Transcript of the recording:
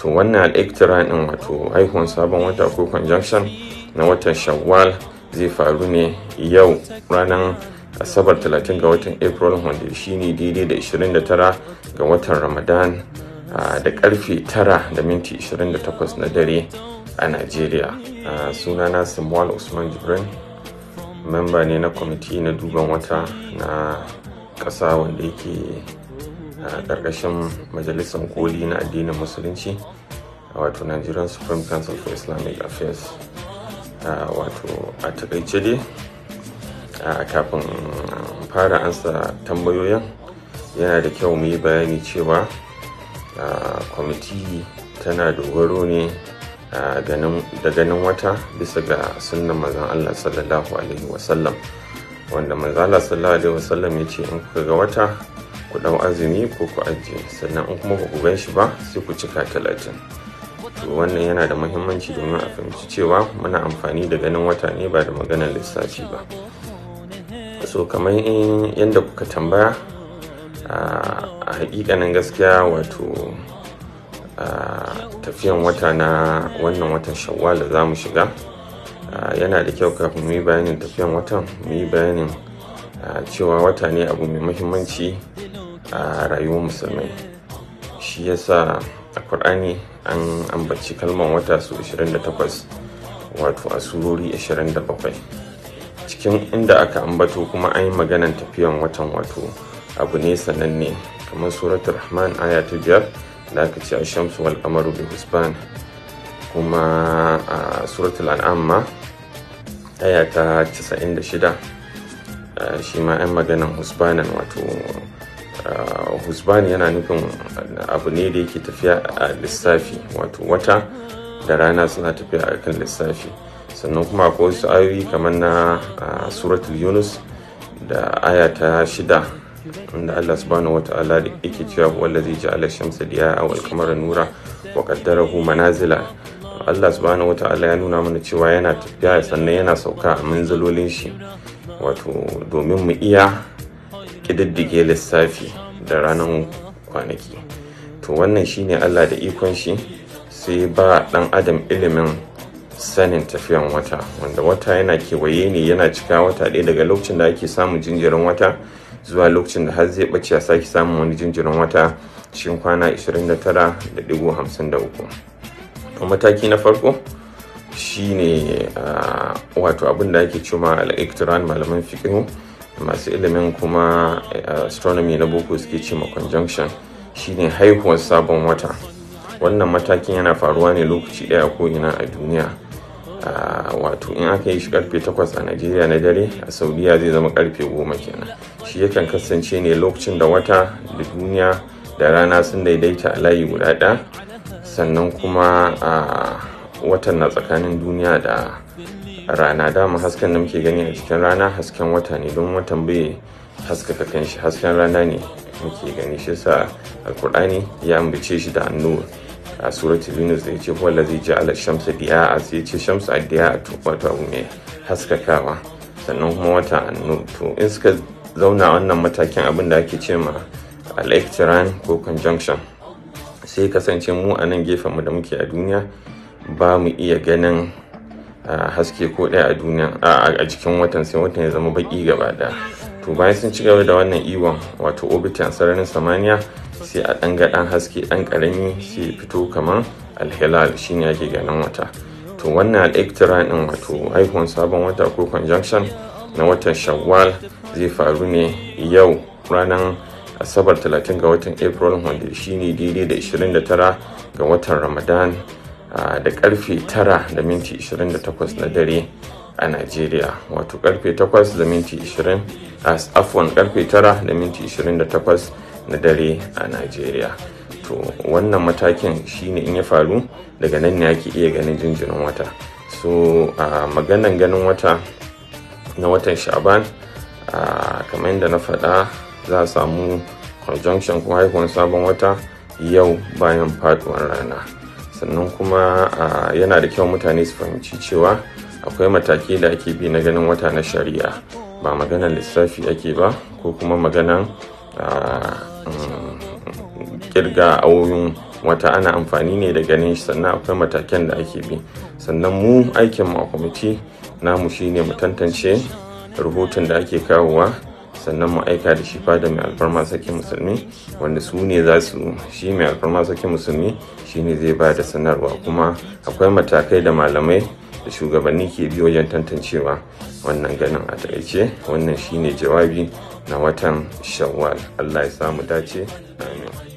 to wannan al'iktira ɗin wato aihuwan sabon wata ko conjunction na watan shawwal zai faru ne yau ranar asabar 30 ga watan april wanda ne daidai da 29 ga watan ramadan da karfe 9 da minti 28 na dare a nigeria na samuel usman jibrin memba ne na kwamiti na duban wata na ƙasa wanda yake a ƙarƙashin majalisar koli na addinin musulunci wato nigerian supreme council for islamic affairs wato a takaice dai kafin fara ansa tambayoyin yana da kyau mu yi bayani cewa kwamiti tana dogaro ne da ganin wata bisa ga sunan mazan allah sallallahu alaihi wasallam wanda allah sallallahu alaihi wasallam ya ce in kuka ga wata ku ɗau azumi ko ku ajiye sannan in kuma ku gan shi ba sai ku cika talatin to wannan yana da muhimmanci domin a fahimci cewa muna amfani da ganin wata ne ba da maganar lissafi ba so kamar yadda kuka tambaya a hakikanin gaskiya wato tafiyan wata na wannan watan shawwal da za mu shiga yana da kyau kafin mu yi bayanin tafiyan watan mu yi bayanin cewa wata ne abu mai muhimmanci a rayuwar musulmai shi yasa a kur'ani an ambaci kalman wata su 28 wato a surori 27 cikin inda aka ambato kuma an yi maganan tafiyan watan wato abu ne sananne kamar suratul rahman aya ta biyar da aka ce a shamsu wal kamaru husban kuma a suratul al'amma aya ta 96 shi ma 'yan maganan husbanan wato Ah, husbani yana nufin abu ne da yake tafiya a lissafi wato wata da rana suna tafiya a kan lissafi sannan kuma akwai wasu ayoyi kamar na ah, suratul yunus da aya ta shida inda Allah subhanahu wa ta'ala yake cewa zai ji ja'ala shamsa a wal kamar nura wa qaddarahu manazila Allah subhanahu wa ta'ala ya nuna mana cewa yana tafiya sannan yana sauka a manzalolin shi wato domin mu iya ƙididdige lissafi da ranar kwanaki to wannan shine allah da ikon shi sai ba dan adam ilimin sanin tafiyan wata wanda wata yana kewaye ne yana cika wata ɗaya daga lokacin da ake samun jinjirin wata zuwa lokacin da har zai bace a sake samun wani jinjirin wata cikin kwana 29.53 mataki na farko shine ah, wato abin da ake cewa al'iktiran malaman fiƙihu masu ilimin kuma eh, astronomy na boko suke ce ma conjunction shine haihuwar sabon wata wannan matakin yana faruwa ne lokaci daya ko ina a duniya ah, wato in aka yi shi karfe 8 a nigeria na dare a saudiya zai zama karfe 10 kenan shi yakan kasance ne lokacin da wata da duniya da rana sun daidaita a layi guda ɗaya sannan kuma ah, watan na tsakanin duniya da rana dama hasken da muke gani a cikin rana hasken wata ne don watan bai haskaka kanshi hasken rana ne muke gani shi sa alkur'ani ya ambace shi da annur a suratul yunus da yace zai ji ala shamsa a sai yace shamsu a diyaa wato abu mai haskakawa sannan kuma wata annur to in suka zauna wannan matakin abin da ake ce ma al ko conjunction sai kasance mu a nan gefen mu da muke a duniya ba mu iya ganin haske ko ɗaya a duniya a jikin watan sai watan ya zama baki gaba ɗaya to bayan sun ci gaba da wannan iwon wato obitin a sararin samaniya sai a ɗan ga ɗan haske ɗan ƙarami sai fito kamar alhilal shine ake ganin wata to wannan al'iktira ɗin wato haihuwan sabon wata ko conjunction na watan shawwal zai faru ne yau ranar asabar 30 ga watan april wanda shine daidai da 29 ga watan ramadan da karfe tara da minti 28 na dare a Najeriya wato karfe 8 da minti 20 as afwan karfe 9 da minti 28 na dare a Najeriya to wannan matakin shine in ya faru daga nan ne ake iya ganin jinjirin wata so a maganan ganin wata na watan sha'ban kamar yadda na faɗa za a samu conjunction ko haihuwar sabon wata yau bayan faduwar rana sannan kuma yana da kyau mutane su fahimci cewa akwai mataki da ake bi na ganin wata na shari'a ba maganan lissafi ake ba ko kuma maganan mm, kirga awoyin wata ana amfani ne da ganin shi sannan akwai mataken da ake bi sannan mu aikin mu namu shine mu tantance rahoton da ake kawowa sannan mu aika da shi fada mai alfarma sarkin musulmi wanda su ne za su shi mai alfarma sake musulmi shi ne zai ba da sanarwa kuma akwai matakai da malamai da shugabanni ke biyo wajen tantancewa wannan ganin a taƙaice wannan shi ne jawabi na watan shawwal allah ya samu dace amin